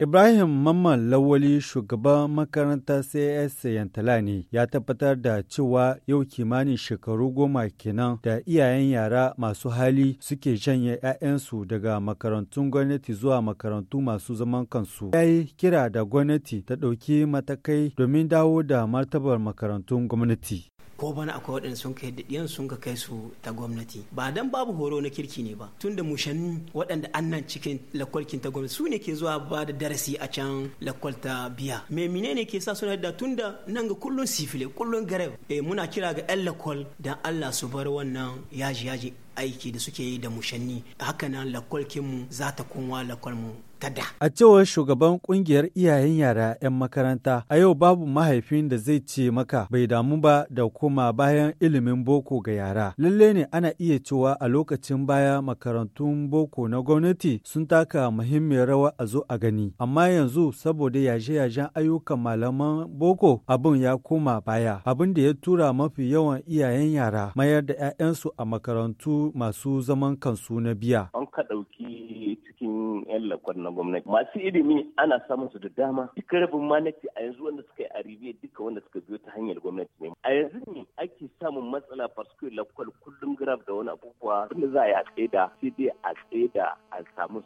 Ibrahim Mamman Lawali shugaban makarantar CS Yantala ne ya tabbatar da cewa yau kimanin shekaru goma kenan da iyayen yara masu hali suke janye 'ya'yansu daga makarantun gwamnati zuwa makarantu masu zaman kansu. Ya yi kira da gwamnati ta ɗauki matakai domin dawo da martabar makarantun gwamnati. ko bana akwai waɗanda sun kai diyan sun ka kai su ta gwamnati ba dan babu horo na kirki ne ba tunda mushanni waɗanda annan cikin lakwalkin ta gwamnati su ne ke zuwa ba da darasi a can lakwal ta biya me mine ne ke sa suna da tunda nan ga kullun sifile kullun gareb eh muna kira ga yan lakwal dan Allah su bar wannan yaji yaji aiki da suke yi da mushanni hakanan lakwalkinmu za ta kunwa lakwalmu da. A cewar shugaban kungiyar iyayen yara 'yan makaranta, a yau babu mahaifin da zai ce maka bai damu ba da kuma bayan ilimin boko ga yara. Lalle ne ana iya cewa a lokacin baya makarantun boko na gwamnati sun taka muhimmiyar rawa a zo a gani. Amma yanzu saboda yaje-yajen ayyukan malaman boko abin ya koma baya. Abin da ya tura mafi yawan iyayen yara mayar da 'ya'yansu a makarantu masu zaman kansu na biya. An ka ɗauki cikin 'yan lakon na gwamnati. Masu ilimi ana samun su da dama. Duka rabin manati a yanzu wanda suka yi aribiya duka wanda suka biyo ta hanyar gwamnati ne. A yanzu ne ake samun matsala farskiyar lakwal kullum grab da wani abubuwa. Wanda za a yi a tsaida sai dai a tsaida a samu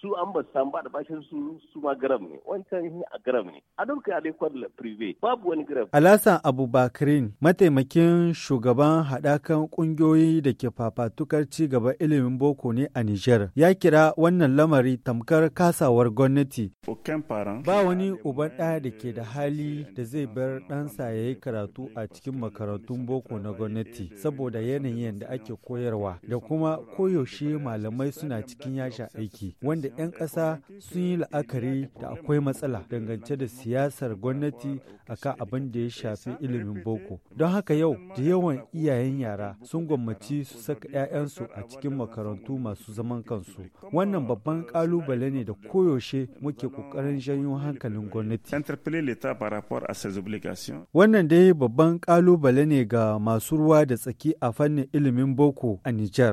su an ba samu ba da bashin su su ma garam ne wancan a garam ne a prive babu wani garam. Alasan Abubakarin mataimakin shugaban hadakan ƙungiyoyi da ke fafatukar ci gaba ilimin boko ne a Nijar ya kira wannan lamari tamkar kasawar gwamnati. Ba wani uban ɗaya da ke da hali da zai bar ɗansa ya yi karatu a cikin makarantun boko na gwamnati saboda yanayin da ake koyarwa da kuma koyaushe malamai suna cikin yasha aiki. wanda 'yan ƙasa sun yi la'akari da akwai matsala dangance da siyasar gwamnati akan abin da ya shafi ilimin boko don haka yau da yawan iyayen yara sun gwammaci su saka 'ya'yansu a cikin makarantu masu zaman kansu wannan babban kalubale ne da koyaushe muke kokarin janyo hankalin gwamnati wannan dai babban kalubale ne ga masu ruwa da tsaki a fannin ilimin boko a Nijar.